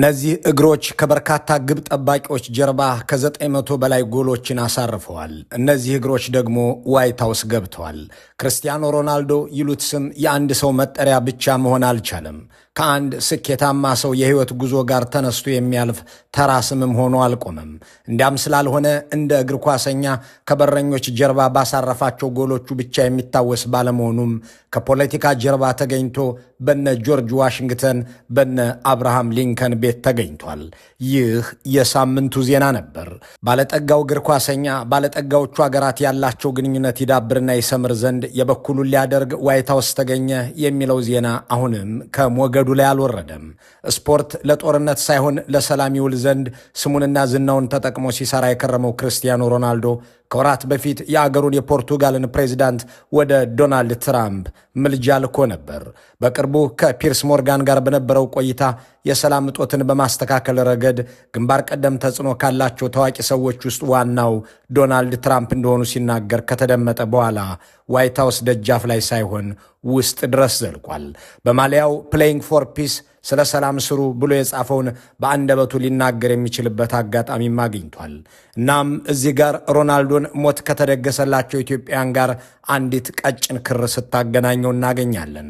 እነዚህ እግሮች ከበርካታ ግብ ጠባቂዎች ጀርባ ከ900 በላይ ጎሎችን አሳርፈዋል። እነዚህ እግሮች ደግሞ ዋይት ሃውስ ገብተዋል። ክርስቲያኖ ሮናልዶ ይሉት ስም የአንድ ሰው መጠሪያ ብቻ መሆን አልቻለም። ከአንድ ስኬታማ ሰው የህይወት ጉዞ ጋር ተነስቶ የሚያልፍ ተራ ስምም ሆኖ አልቆመም። እንዲያም ስላልሆነ እንደ እግር ኳሰኛ ከበረኞች ጀርባ ባሳረፋቸው ጎሎቹ ብቻ የሚታወስ ባለመሆኑም ከፖለቲካ ጀርባ ተገኝቶ በነ ጆርጅ ዋሽንግተን በነ አብርሃም ሊንከን ቤት ተገኝቷል። ይህ የሳምንቱ ዜና ነበር። ባለጠጋው እግር ኳሰኛ ባለጠጋዎቹ አገራት ያላቸው ግንኙነት ይዳብርና ይሰምር ዘንድ የበኩሉን ሊያደርግ ዋይት ተገኘ የሚለው ዜና አሁንም ከሞገዱ ላይ አልወረደም። ስፖርት ለጦርነት ሳይሆን ለሰላም ይውል ዘንድ ስሙንና ዝናውን ተጠቅሞ ሲሰራ የከረመው ክርስቲያኖ ሮናልዶ ከወራት በፊት የአገሩን የፖርቱጋልን ፕሬዚዳንት ወደ ዶናልድ ትራምፕ ምልጃ ልኮ ነበር። በቅርቡ ከፒርስ ሞርጋን ጋር በነበረው ቆይታ የሰላም እጦትን በማስተካከል ረገድ ግንባር ቀደም ተጽዕኖ ካላቸው ታዋቂ ሰዎች ውስጥ ዋናው ዶናልድ ትራምፕ እንደሆኑ ሲናገር ከተደመጠ በኋላ ዋይት ሀውስ ደጃፍ ላይ ሳይሆን ውስጥ ድረስ ዘልቋል። በማሊያው ፕሌይንግ ፎር ፒስ ስለ ሰላም ስሩ ብሎ የጻፈውን በአንደበቱ ሊናገር የሚችልበት አጋጣሚም አግኝቷል። እናም እዚህ ጋር ሮናልዶን ሞት ከተደገሰላቸው ኢትዮጵያውያን ጋር አንዲት ቀጭን ክር ስታገናኘው እናገኛለን።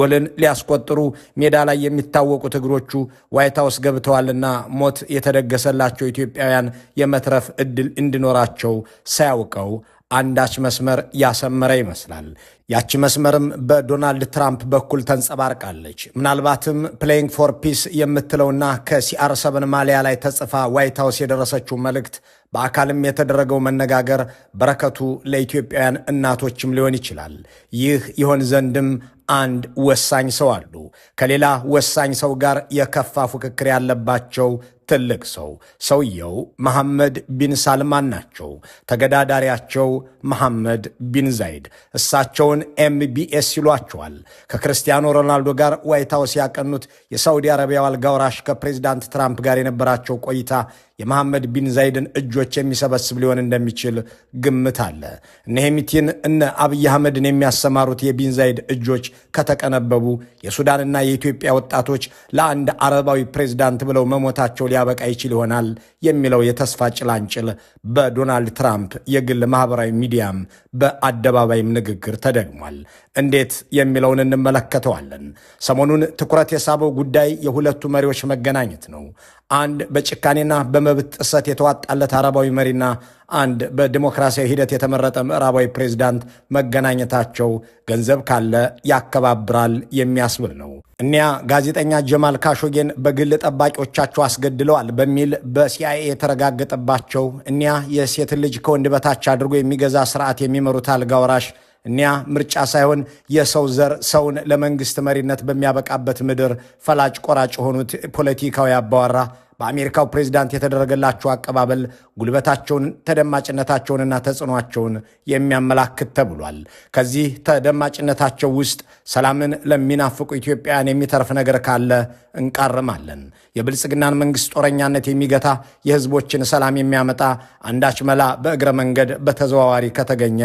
ጎልን ሊያስቆጥሩ ሜዳ ላይ የሚታወቁት እግሮቹ ዋይት ሃውስ ገብተዋልና ሞት የተደገሰላቸው ኢትዮጵያውያን የመትረፍ ዕድል እንዲኖራቸው ሳያውቀው አንዳች መስመር ያሰመረ ይመስላል። ያቺ መስመርም በዶናልድ ትራምፕ በኩል ተንጸባርቃለች። ምናልባትም ፕሌይንግ ፎር ፒስ የምትለውና ከሲአር ሰብን ማሊያ ላይ ተጽፋ ዋይት ሀውስ የደረሰችው መልእክት፣ በአካልም የተደረገው መነጋገር በረከቱ ለኢትዮጵያውያን እናቶችም ሊሆን ይችላል። ይህ ይሆን ዘንድም አንድ ወሳኝ ሰው አሉ። ከሌላ ወሳኝ ሰው ጋር የከፋ ፉክክር ያለባቸው ትልቅ ሰው። ሰውየው መሐመድ ቢን ሳልማን ናቸው። ተገዳዳሪያቸው መሐመድ ቢን ዛይድ እሳቸው የሆነውን ኤምቢኤስ ይሏቸዋል። ከክርስቲያኖ ሮናልዶ ጋር ዋይት ያቀኑት የሳውዲ አረቢያው አልጋ ወራሽ ከፕሬዚዳንት ትራምፕ ጋር የነበራቸው ቆይታ የመሐመድ ቢን ዛይድን እጆች የሚሰበስብ ሊሆን እንደሚችል ግምት አለ። እነ እነ አብይ አህመድን የሚያሰማሩት የቢን ዛይድ እጆች ከተቀነበቡ የሱዳንና የኢትዮጵያ ወጣቶች ለአንድ አረባዊ ፕሬዝዳንት ብለው መሞታቸው ሊያበቃ ይችል ይሆናል የሚለው የተስፋ ጭላንጭል በዶናልድ ትራምፕ የግል ማህበራዊ ሚዲያም በአደባባይም ንግግር ተደግሟል። እንዴት የሚለውን እንመለከተዋለን። ሰሞኑን ትኩረት የሳበው ጉዳይ የሁለቱ መሪዎች መገናኘት ነው። አንድ በጭካኔና በመ መብት ጥሰት የተዋጣለት አረባዊ መሪና አንድ በዲሞክራሲያዊ ሂደት የተመረጠ ምዕራባዊ ፕሬዚዳንት መገናኘታቸው ገንዘብ ካለ ያከባብራል የሚያስብል ነው። እኒያ ጋዜጠኛ ጀማል ካሾጌን በግል ጠባቂዎቻቸው አስገድለዋል በሚል በሲአይኤ የተረጋገጠባቸው እኒያ የሴት ልጅ ከወንድ በታች አድርጎ የሚገዛ ስርዓት የሚመሩት አልጋ ወራሽ እኒያ ምርጫ ሳይሆን የሰው ዘር ሰውን ለመንግስት መሪነት በሚያበቃበት ምድር ፈላጭ ቆራጭ የሆኑት ፖለቲካዊ አባወራ በአሜሪካው ፕሬዚዳንት የተደረገላቸው አቀባበል ጉልበታቸውን፣ ተደማጭነታቸውንና ተጽዕኖቸውን የሚያመላክት ተብሏል። ከዚህ ተደማጭነታቸው ውስጥ ሰላምን ለሚናፍቁ ኢትዮጵያውያን የሚተርፍ ነገር ካለ እንቃርማለን። የብልጽግናን መንግስት ጦረኛነት የሚገታ የህዝቦችን ሰላም የሚያመጣ አንዳች መላ በእግረ መንገድ በተዘዋዋሪ ከተገኘ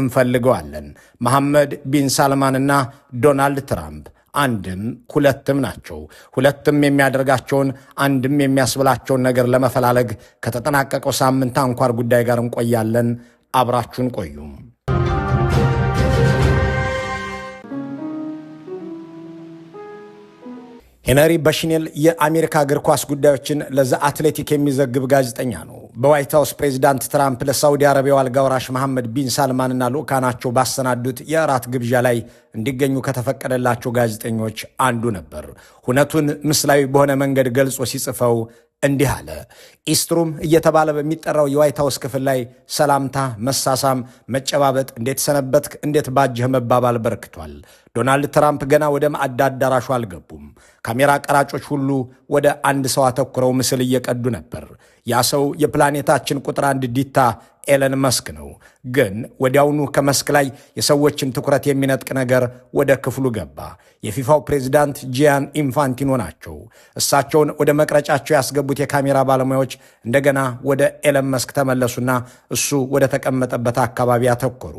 እንፈልገዋለን። መሐመድ ቢን ሳልማንና ዶናልድ ትራምፕ አንድም ሁለትም ናቸው። ሁለትም የሚያደርጋቸውን አንድም የሚያስብላቸውን ነገር ለመፈላለግ ከተጠናቀቀው ሳምንት አንኳር ጉዳይ ጋር እንቆያለን። አብራችሁን ቆዩ። ሄነሪ በሽኔል የአሜሪካ እግር ኳስ ጉዳዮችን ለዘ አትሌቲክ የሚዘግብ ጋዜጠኛ ነው። በዋይት ሀውስ ፕሬዚዳንት ትራምፕ ለሳውዲ አረቢያው አልጋ ወራሽ መሐመድ ቢን ሳልማንና ልዑካናቸው ባሰናዱት የእራት ግብዣ ላይ እንዲገኙ ከተፈቀደላቸው ጋዜጠኞች አንዱ ነበር። ሁነቱን ምስላዊ በሆነ መንገድ ገልጾ ሲጽፈው እንዲህ አለ። ኢስትሩም እየተባለ በሚጠራው የዋይት ሀውስ ክፍል ላይ ሰላምታ፣ መሳሳም፣ መጨባበጥ፣ እንዴት ሰነበትክ፣ እንዴት ባጀህ መባባል በርክቷል። ዶናልድ ትራምፕ ገና ወደ ማዕድ አዳራሹ አልገቡም። ካሜራ ቀራጮች ሁሉ ወደ አንድ ሰው አተኩረው ምስል እየቀዱ ነበር። ያ ሰው የፕላኔታችን ቁጥር አንድ ዲታ ኤለን መስክ ነው። ግን ወዲያውኑ ከመስክ ላይ የሰዎችን ትኩረት የሚነጥቅ ነገር ወደ ክፍሉ ገባ። የፊፋው ፕሬዚዳንት ጂያን ኢንፋንቲኖ ናቸው። እሳቸውን ወደ መቅረጫቸው ያስገቡት የካሜራ ባለሙያዎች እንደገና ወደ ኤለን መስክ ተመለሱና እሱ ወደ ተቀመጠበት አካባቢ አተኮሩ።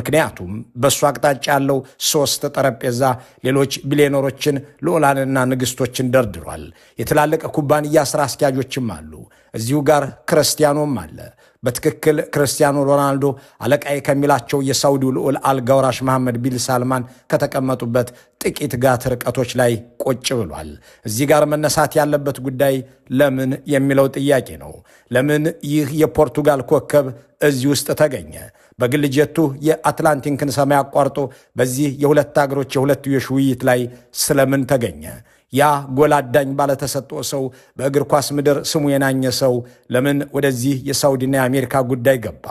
ምክንያቱም በእሱ አቅጣጫ ያለው ሶስት ጠረጴዛ ሌሎች ቢሊዮነሮችን ልዑላንና ንግስቶችን ደርድሯል። የትላልቅ ኩባንያ ስራ አስኪያጆችም አሉ። እዚሁ ጋር ክርስቲያኖም አለ። በትክክል ክርስቲያኖ ሮናልዶ አለቃዬ ከሚላቸው የሳውዲው ልዑል አልጋውራሽ መሐመድ ቢን ሳልማን ከተቀመጡበት ጥቂት ጋት ርቀቶች ላይ ቁጭ ብሏል። እዚህ ጋር መነሳት ያለበት ጉዳይ ለምን የሚለው ጥያቄ ነው። ለምን ይህ የፖርቱጋል ኮከብ እዚህ ውስጥ ተገኘ? በግል ጀቱ የአትላንቲክን ሰማይ አቋርጦ በዚህ የሁለት አገሮች የሁለትዮሽ ውይይት ላይ ስለምን ተገኘ? ያ ጎል አዳኝ ባለተሰጥኦ ሰው በእግር ኳስ ምድር ስሙ የናኘ ሰው ለምን ወደዚህ የሳውዲና የአሜሪካ ጉዳይ ገባ?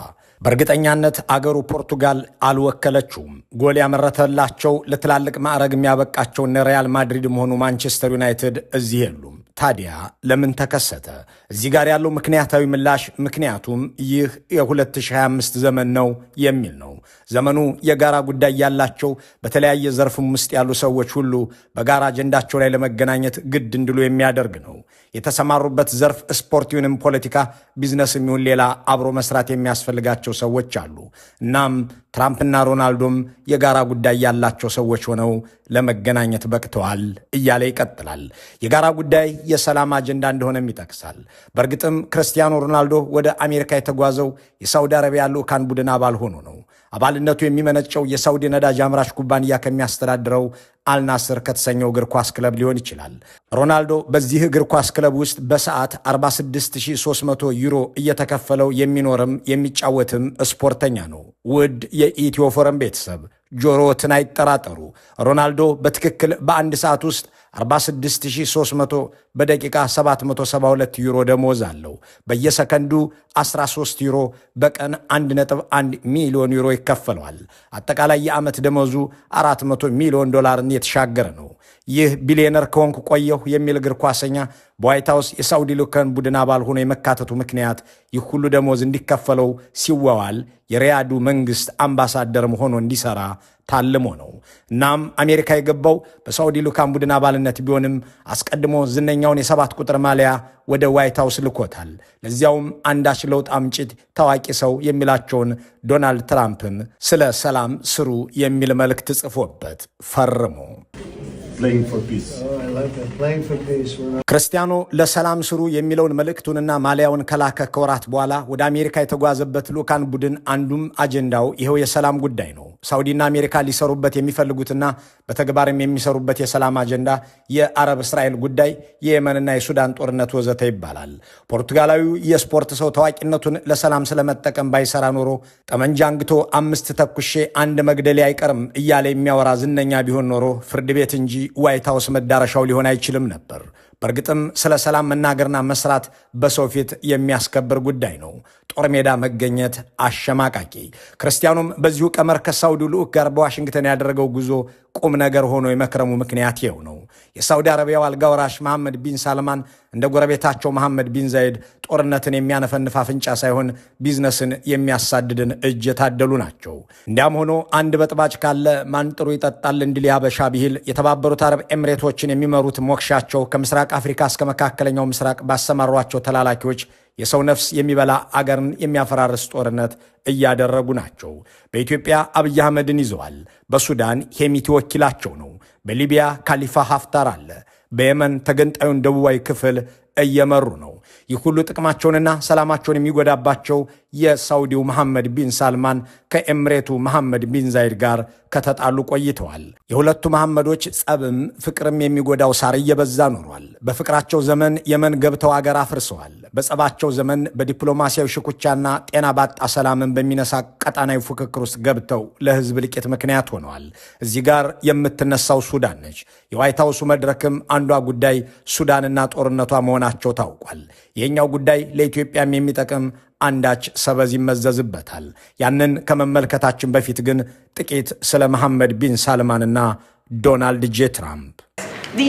በእርግጠኛነት አገሩ ፖርቱጋል አልወከለችውም። ጎል ያመረተላቸው ለትላልቅ ማዕረግ የሚያበቃቸው ሪያል ማድሪድ መሆኑ ማንቸስተር ዩናይትድ እዚህ የሉም። ታዲያ ለምን ተከሰተ? እዚህ ጋር ያለው ምክንያታዊ ምላሽ ምክንያቱም ይህ የ2025 ዘመን ነው የሚል ነው። ዘመኑ የጋራ ጉዳይ ያላቸው በተለያየ ዘርፍም ውስጥ ያሉ ሰዎች ሁሉ በጋራ አጀንዳቸው ላይ ለመገናኘት ግድ እንዲሉ የሚያደርግ ነው። የተሰማሩበት ዘርፍ ስፖርት ይሁንም ፖለቲካ፣ ቢዝነስ የሚሆን ሌላ አብሮ መስራት የሚያስፈልጋቸው ሰዎች አሉ። እናም ትራምፕና ሮናልዶም የጋራ ጉዳይ ያላቸው ሰዎች ሆነው ለመገናኘት በቅተዋል እያለ ይቀጥላል። የጋራ ጉዳይ የሰላም አጀንዳ እንደሆነም ይጠቅሳል። በእርግጥም ክርስቲያኖ ሮናልዶ ወደ አሜሪካ የተጓዘው የሳውዲ አረቢያ ልዑካን ቡድን አባል ሆኖ ነው። አባልነቱ የሚመነጨው የሳውዲ ነዳጅ አምራች ኩባንያ ከሚያስተዳድረው አልናስር ከተሰኘው እግር ኳስ ክለብ ሊሆን ይችላል። ሮናልዶ በዚህ እግር ኳስ ክለብ ውስጥ በሰዓት 46300 ዩሮ እየተከፈለው የሚኖርም የሚጫወትም ስፖርተኛ ነው። ውድ የኢትዮፎረም ቤተሰብ ጆሮትን አይጠራጠሩ። ሮናልዶ በትክክል በአንድ ሰዓት ውስጥ 46300 በደቂቃ 772 ዩሮ ደሞዝ አለው። በየሰከንዱ 13 ዩሮ በቀን 1.1 ሚሊዮን ዩሮ ይከፈለዋል። አጠቃላይ የዓመት ደሞዙ 400 ሚሊዮን ዶላርን የተሻገረ ነው። ይህ ቢሊዮነር ከወንኩ ቆየሁ የሚል እግር ኳሰኛ በዋይት የሳውዲ ልዑካን ቡድን አባል ሆኖ የመካተቱ ምክንያት ይህ ሁሉ ደሞዝ እንዲከፈለው ሲወዋል የሪያዱ መንግሥት አምባሳደር ሆኖ እንዲሠራ ታልሞ ነው። እናም አሜሪካ የገባው በሳውዲ ልዑካን ቡድን አባልነት ቢሆንም አስቀድሞ ዝነኛውን የሰባት ቁጥር ማሊያ ወደ ዋይት ልኮታል። ለዚያውም አንዳች ለውጥ አምጪት ታዋቂ ሰው የሚላቸውን ዶናልድ ትራምፕም ስለ ሰላም ስሩ የሚል መልእክት ጽፎበት ፈርሞ Oh, ክርስቲያኑ ለሰላም ስሩ የሚለውን መልእክቱንና ማሊያውን ከላከ ከወራት በኋላ ወደ አሜሪካ የተጓዘበት ልኡካን ቡድን አንዱም አጀንዳው ይኸው የሰላም ጉዳይ ነው። ሳውዲና አሜሪካ ሊሰሩበት የሚፈልጉትና በተግባርም የሚሰሩበት የሰላም አጀንዳ የአረብ እስራኤል ጉዳይ፣ የየመንና የሱዳን ጦርነት ወዘተ ይባላል። ፖርቱጋላዊው የስፖርት ሰው ታዋቂነቱን ለሰላም ስለመጠቀም ባይሰራ ኖሮ ጠመንጃ አንግቶ አምስት ተኩሼ አንድ መግደሌ አይቀርም እያለ የሚያወራ ዝነኛ ቢሆን ኖሮ ፍርድ ቤት እንጂ ዋይት ሀውስ መዳረሻው ሊሆን አይችልም ነበር። በእርግጥም ስለ ሰላም መናገርና መስራት በሰው ፊት የሚያስከብር ጉዳይ ነው። ጦር ሜዳ መገኘት አሸማቃቂ። ክርስቲያኑም በዚሁ ቀመር ከሳውዲ ልዑክ ጋር በዋሽንግተን ያደረገው ጉዞ ቁም ነገር ሆኖ የመክረሙ ምክንያት ይኸው ነው። የሳውዲ አረቢያው አልጋወራሽ መሐመድ ቢን ሳልማን እንደ ጎረቤታቸው መሐመድ ቢን ዛይድ ጦርነትን የሚያነፈንፍ አፍንጫ ሳይሆን ቢዝነስን የሚያሳድድን እጅ የታደሉ ናቸው። እንዲያም ሆኖ አንድ በጥባጭ ካለ ማንጥሩ ይጠጣል እንዲል ያበሻ ቢሂል የተባበሩት አረብ ኤምሬቶችን የሚመሩት ሞክሻቸው ከምስራቅ አፍሪካ እስከ መካከለኛው ምስራቅ ባሰማሯቸው ተላላኪዎች የሰው ነፍስ የሚበላ አገርን የሚያፈራርስ ጦርነት እያደረጉ ናቸው። በኢትዮጵያ አብይ አህመድን ይዘዋል። በሱዳን ሄሚቲ ወኪላቸው ነው። በሊቢያ ካሊፋ ሀፍታር አለ። በየመን ተገንጣዩን ደቡባዊ ክፍል እየመሩ ነው። ይህ ሁሉ ጥቅማቸውንና ሰላማቸውን የሚጎዳባቸው የሳውዲው መሐመድ ቢን ሳልማን ከኤምሬቱ መሐመድ ቢን ዛይድ ጋር ከተጣሉ ቆይተዋል። የሁለቱ መሐመዶች ጸብም ፍቅርም የሚጎዳው ሳር እየበዛ ኖሯል። በፍቅራቸው ዘመን የመን ገብተው አገር አፍርሰዋል። በጸባቸው ዘመን በዲፕሎማሲያዊ ሽኩቻና ጤና ባጣ ሰላምን በሚነሳ ቀጣናዊ ፉክክር ውስጥ ገብተው ለህዝብ ልቂት ምክንያት ሆነዋል። እዚህ ጋር የምትነሳው ሱዳን ነች። የዋይት ሀውሱ መድረክም አንዷ ጉዳይ ሱዳንና ጦርነቷ መሆናቸው ታውቋል። ይህኛው ጉዳይ ለኢትዮጵያም የሚጠቅም አንዳች ሰበዝ ይመዘዝበታል። ያንን ከመመልከታችን በፊት ግን ጥቂት ስለ መሐመድ ቢን ሳልማንና ዶናልድ ጄ ትራምፕ The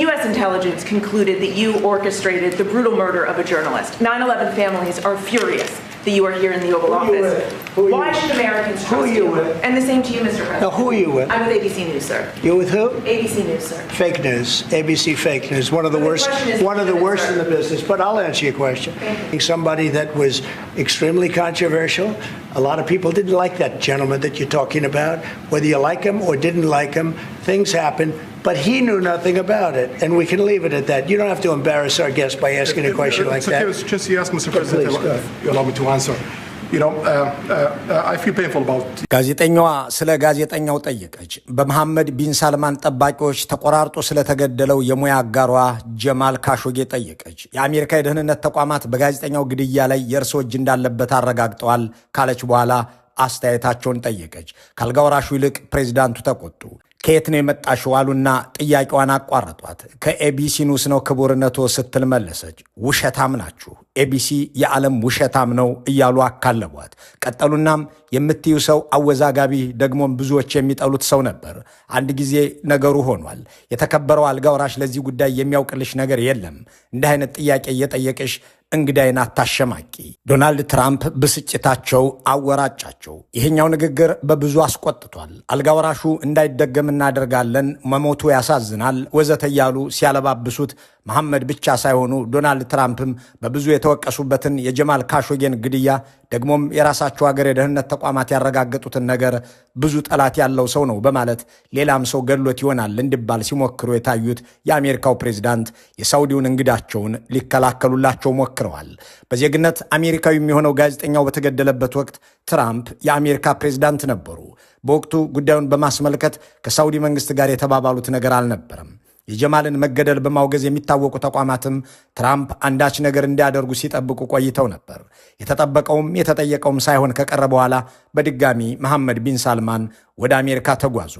that you are here in the Oval Office. Why should Americans trust who you? you? With? And the same to you, Mr. President. Now, who are you with? I'm with ABC News, sir. You're with who? ABC News, sir. Fake news. ABC fake news. One of the, the worst. One of the worst sir. in the business. But I'll answer your question. You. Somebody that was extremely controversial. A lot of people didn't like that gentleman that you're talking about. Whether you like him or didn't like him, things happen. But he knew nothing about it, and we can leave it at that. You don't have to embarrass our guest by asking a question like that. Okay, just yes, Mr. President, if you allow me to answer. Uh, uh, uh, ጋዜጠኛዋ ስለ ጋዜጠኛው ጠየቀች። በመሐመድ ቢን ሳልማን ጠባቂዎች ተቆራርጦ ስለተገደለው የሙያ አጋሯ ጀማል ካሾጌ ጠየቀች። የአሜሪካ የደህንነት ተቋማት በጋዜጠኛው ግድያ ላይ የእርሶ እጅ እንዳለበት አረጋግጠዋል ካለች በኋላ አስተያየታቸውን ጠየቀች። ካልጋወራሹ ይልቅ ፕሬዚዳንቱ ተቆጡ። ከየት ነው የመጣሽው አሉና ጥያቄዋን አቋረጧት። ከኤቢሲኑስ ነው ክቡርነቶ ስትል መለሰች። ውሸታም ናችሁ ኤቢሲ የዓለም ውሸታም ነው እያሉ አካለቧት። ቀጠሉናም የምትዩ ሰው አወዛጋቢ፣ ደግሞም ብዙዎች የሚጠሉት ሰው ነበር። አንድ ጊዜ ነገሩ ሆኗል። የተከበረው አልጋ ወራሽ ለዚህ ጉዳይ የሚያውቅልሽ ነገር የለም። እንዲህ አይነት ጥያቄ እየጠየቅሽ እንግዳይን አታሸማቂ። ዶናልድ ትራምፕ ብስጭታቸው አወራጫቸው። ይሄኛው ንግግር በብዙ አስቆጥቷል። አልጋ ወራሹ እንዳይደገም እናደርጋለን፣ መሞቱ ያሳዝናል፣ ወዘተ እያሉ ሲያለባብሱት መሐመድ ብቻ ሳይሆኑ ዶናልድ ትራምፕም በብዙ የተወቀሱበትን የጀማል ካሾጌን ግድያ ደግሞም የራሳቸው ሀገር የደህንነት ተቋማት ያረጋገጡትን ነገር ብዙ ጠላት ያለው ሰው ነው በማለት ሌላም ሰው ገድሎት ይሆናል እንዲባል ሲሞክሩ የታዩት የአሜሪካው ፕሬዚዳንት የሳውዲውን እንግዳቸውን ሊከላከሉላቸው ሞክረዋል። በዜግነት አሜሪካዊ የሚሆነው ጋዜጠኛው በተገደለበት ወቅት ትራምፕ የአሜሪካ ፕሬዚዳንት ነበሩ። በወቅቱ ጉዳዩን በማስመልከት ከሳውዲ መንግስት ጋር የተባባሉት ነገር አልነበረም። የጀማልን መገደል በማውገዝ የሚታወቁ ተቋማትም ትራምፕ አንዳች ነገር እንዲያደርጉ ሲጠብቁ ቆይተው ነበር። የተጠበቀውም የተጠየቀውም ሳይሆን ከቀረ በኋላ በድጋሚ መሐመድ ቢን ሳልማን ወደ አሜሪካ ተጓዙ።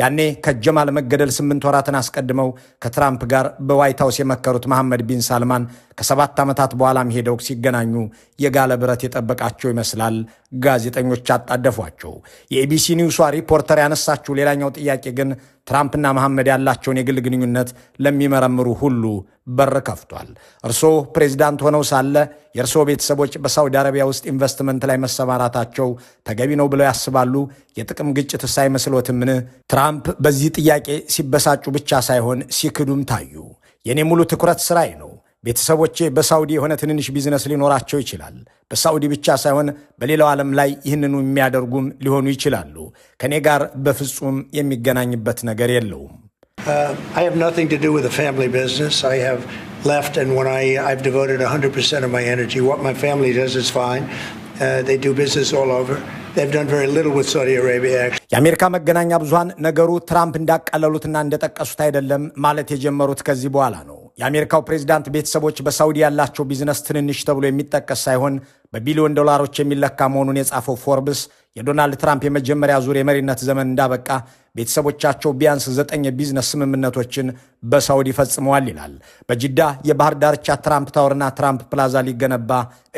ያኔ ከጀማል መገደል ስምንት ወራትን አስቀድመው ከትራምፕ ጋር በዋይት ሀውስ የመከሩት መሐመድ ቢን ሳልማን ከሰባት ዓመታት በኋላም ሄደው ሲገናኙ የጋለ ብረት የጠበቃቸው ይመስላል። ጋዜጠኞች አጣደፏቸው። የኤቢሲ ኒውሷ ሪፖርተር ያነሳችው ሌላኛው ጥያቄ ግን ትራምፕና መሐመድ ያላቸውን የግል ግንኙነት ለሚመረምሩ ሁሉ በር ከፍቷል። እርሶ ፕሬዚዳንት ሆነው ሳለ የእርሶ ቤተሰቦች በሳውዲ አረቢያ ውስጥ ኢንቨስትመንት ላይ መሰማራታቸው ተገቢ ነው ብለው ያስባሉ? የጥቅም ግጭት ሳይመስሎትምን? ትራምፕ በዚህ ጥያቄ ሲበሳጩ ብቻ ሳይሆን ሲክዱም ታዩ። የእኔ ሙሉ ትኩረት ስራዬ ነው። ቤተሰቦቼ በሳውዲ የሆነ ትንንሽ ቢዝነስ ሊኖራቸው ይችላል። በሳውዲ ብቻ ሳይሆን በሌላው ዓለም ላይ ይህንኑ የሚያደርጉም ሊሆኑ ይችላሉ። ከእኔ ጋር በፍጹም የሚገናኝበት ነገር የለውም። Uh, I have nothing to do with the family business. I have left, and when I, I've devoted 100% of my energy. What my family does is fine. Uh, they do business all over. They've done very little with Saudi Arabia. የአሜሪካ መገናኛ ብዙሃን ነገሩ ትራምፕ እንዳቃለሉትና እንደጠቀሱት አይደለም ማለት የጀመሩት ከዚህ በኋላ ነው። የአሜሪካው ፕሬዚዳንት ቤተሰቦች በሳውዲ ያላቸው ቢዝነስ ትንንሽ ተብሎ የሚጠቀስ ሳይሆን በቢሊዮን ዶላሮች የሚለካ መሆኑን የጻፈው ፎርብስ የዶናልድ ትራምፕ የመጀመሪያ ዙር የመሪነት ዘመን እንዳበቃ ቤተሰቦቻቸው ቢያንስ ዘጠኝ የቢዝነስ ስምምነቶችን በሳውዲ ፈጽመዋል ይላል። በጅዳ የባህር ዳርቻ ትራምፕ ታወርና ትራምፕ ፕላዛ ሊገነባ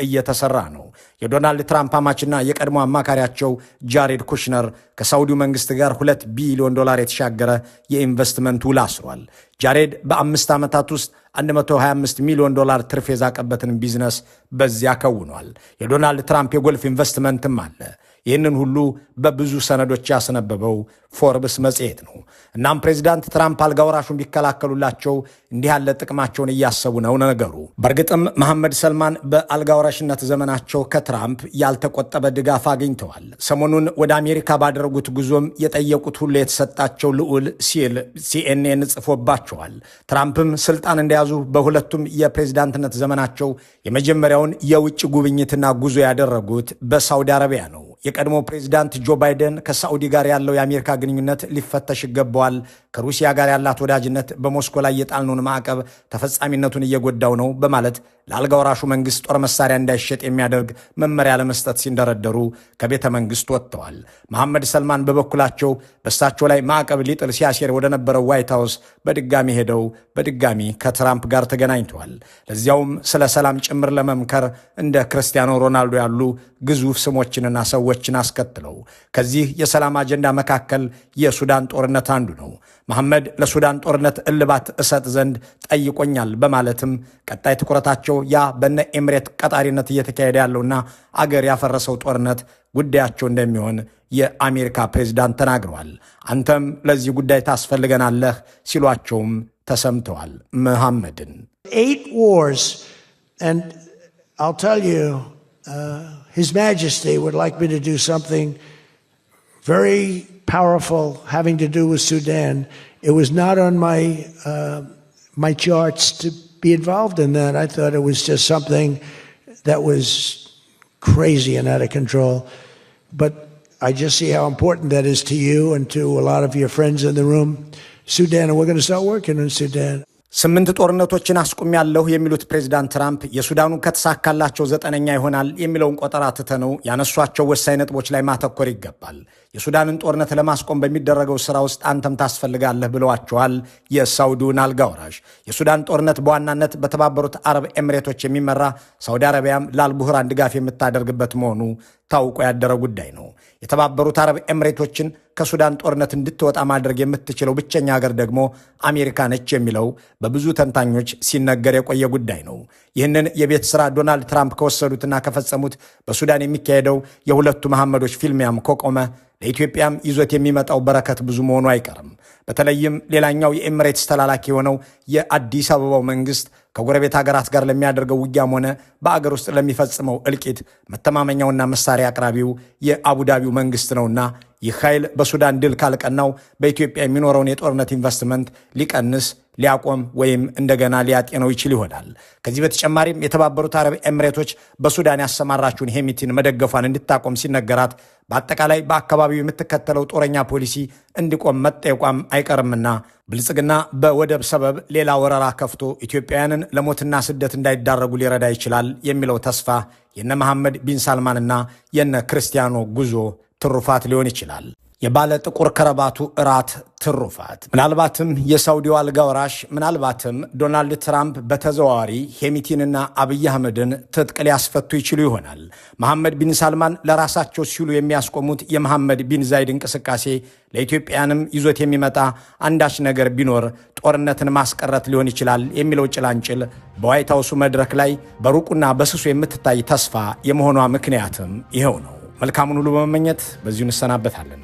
እየተሰራ ነው። የዶናልድ ትራምፕ አማችና የቀድሞ አማካሪያቸው ጃሬድ ኩሽነር ከሳውዲው መንግስት ጋር ሁለት ቢሊዮን ዶላር የተሻገረ የኢንቨስትመንት ውል አስሯል። ጃሬድ በአምስት ዓመታት ውስጥ 125 ሚሊዮን ዶላር ትርፍ የዛቀበትን ቢዝነስ በዚያ ከውኗል። የዶናልድ ትራምፕ የጎልፍ ኢንቨስትመንትም አለ። ይህንን ሁሉ በብዙ ሰነዶች ያስነበበው ፎርብስ መጽሔት ነው። እናም ፕሬዚዳንት ትራምፕ አልጋ ወራሹን ቢከላከሉላቸው እንዲህ ያለ ጥቅማቸውን እያሰቡ ነው ነገሩ። በእርግጥም መሐመድ ሰልማን በአልጋ ወራሽነት ዘመናቸው ከትራምፕ ያልተቆጠበ ድጋፍ አግኝተዋል። ሰሞኑን ወደ አሜሪካ ባደረጉት ጉዞም የጠየቁት ሁሉ የተሰጣቸው ልዑል ሲል ሲኤንኤን ጽፎባቸዋል። ትራምፕም ስልጣን እንደያዙ በሁለቱም የፕሬዚዳንትነት ዘመናቸው የመጀመሪያውን የውጭ ጉብኝትና ጉዞ ያደረጉት በሳውዲ አረቢያ ነው። የቀድሞ ፕሬዚዳንት ጆ ባይደን ከሳዑዲ ጋር ያለው የአሜሪካ ግንኙነት ሊፈተሽ ይገባዋል ከሩሲያ ጋር ያላት ወዳጅነት በሞስኮ ላይ የጣልነውን ማዕቀብ ተፈጻሚነቱን እየጎዳው ነው በማለት ለአልጋ ወራሹ መንግስት ጦር መሳሪያ እንዳይሸጥ የሚያደርግ መመሪያ ለመስጠት ሲንደረደሩ ከቤተ መንግስት ወጥተዋል። መሐመድ ሰልማን በበኩላቸው በእሳቸው ላይ ማዕቀብ ሊጥል ሲያሴር ወደ ነበረው ዋይት ሀውስ በድጋሚ ሄደው በድጋሚ ከትራምፕ ጋር ተገናኝተዋል። ለዚያውም ስለ ሰላም ጭምር ለመምከር እንደ ክርስቲያኖ ሮናልዶ ያሉ ግዙፍ ስሞችንና ሰዎችን አስከትለው። ከዚህ የሰላም አጀንዳ መካከል የሱዳን ጦርነት አንዱ ነው። መሐመድ ለሱዳን ጦርነት እልባት እሰጥ ዘንድ ጠይቆኛል በማለትም ቀጣይ ትኩረታቸው ያ በነ ኤምሬት ቀጣሪነት እየተካሄደ ያለውና አገር ያፈረሰው ጦርነት ጉዳያቸው እንደሚሆን የአሜሪካ ፕሬዚዳንት ተናግረዋል። አንተም ለዚህ ጉዳይ ታስፈልገናለህ ሲሏቸውም ተሰምተዋል። መሐመድን ሂዝ ማጀስቲ ውድ ላይክ ሚ ቱ ዱ ሰምቲንግ ቨሪ powerful having to do with Sudan. It was not on my uh, my charts to be involved in that. I thought it was just something that was crazy and out of control. But I just see how important that is to you and to a lot of your friends in the room. Sudan, and we're going to start working in Sudan. ስምንት ጦርነቶችን አስቁሚያለሁ የሚሉት ፕሬዚዳንት ትራምፕ የሱዳኑ ከተሳካላቸው ዘጠነኛ ይሆናል የሚለውን ቆጠራ ትተነው ያነሷቸው ወሳኝ ነጥቦች ላይ ማተኮር ይገባል። የሱዳንን ጦርነት ለማስቆም በሚደረገው ስራ ውስጥ አንተም ታስፈልጋለህ ብለዋቸዋል። የሳውዲውን አልጋ ወራሽ የሱዳን ጦርነት በዋናነት በተባበሩት አረብ ኤምሬቶች የሚመራ ሳውዲ አረቢያም ለአልቡህራን ድጋፍ የምታደርግበት መሆኑ ታውቆ ያደረ ጉዳይ ነው። የተባበሩት አረብ ኤምሬቶችን ከሱዳን ጦርነት እንድትወጣ ማድረግ የምትችለው ብቸኛ ሀገር ደግሞ አሜሪካ ነች የሚለው በብዙ ተንታኞች ሲነገር የቆየ ጉዳይ ነው። ይህንን የቤት ስራ ዶናልድ ትራምፕ ከወሰዱትና ከፈጸሙት በሱዳን የሚካሄደው የሁለቱ መሐመዶች ፊልሚያም ከቆመ ለኢትዮጵያም ይዞት የሚመጣው በረከት ብዙ መሆኑ አይቀርም። በተለይም ሌላኛው የኤምሬትስ ተላላኪ የሆነው የአዲስ አበባው መንግስት ከጎረቤት ሀገራት ጋር ለሚያደርገው ውጊያም ሆነ በአገር ውስጥ ለሚፈጽመው እልቂት መተማመኛውና መሳሪያ አቅራቢው የአቡዳቢው መንግስት ነውና ይህ ኃይል በሱዳን ድል ካልቀናው በኢትዮጵያ የሚኖረውን የጦርነት ኢንቨስትመንት ሊቀንስ ሊያቆም ወይም እንደገና ሊያጤነው ይችል ይሆናል። ከዚህ በተጨማሪም የተባበሩት አረብ ኤምሬቶች በሱዳን ያሰማራችውን ሄሚቲን መደገፏን እንድታቆም ሲነገራት በአጠቃላይ በአካባቢው የምትከተለው ጦረኛ ፖሊሲ እንዲቆም መጠየቋም አይቀርምና ብልጽግና በወደብ ሰበብ ሌላ ወረራ ከፍቶ ኢትዮጵያውያንን ለሞትና ስደት እንዳይዳረጉ ሊረዳ ይችላል የሚለው ተስፋ የነ መሐመድ ቢን ሳልማንና የነ ክርስቲያኖ ጉዞ ትሩፋት ሊሆን ይችላል። የባለ ጥቁር ከረባቱ እራት ትሩፋት፣ ምናልባትም የሳውዲው አልጋ ወራሽ፣ ምናልባትም ዶናልድ ትራምፕ በተዘዋዋሪ ሄሚቲንና አብይ አህመድን ትጥቅ ሊያስፈቱ ይችሉ ይሆናል። መሐመድ ቢን ሳልማን ለራሳቸው ሲሉ የሚያስቆሙት የመሐመድ ቢን ዛይድ እንቅስቃሴ ለኢትዮጵያንም ይዞት የሚመጣ አንዳች ነገር ቢኖር ጦርነትን ማስቀረት ሊሆን ይችላል የሚለው ጭላንጭል በዋይት መድረክ ላይ በሩቁና በስሱ የምትታይ ተስፋ የመሆኗ ምክንያትም ይኸው ነው። መልካሙን ሁሉ በመመኘት በዚሁ እንሰናበታለን።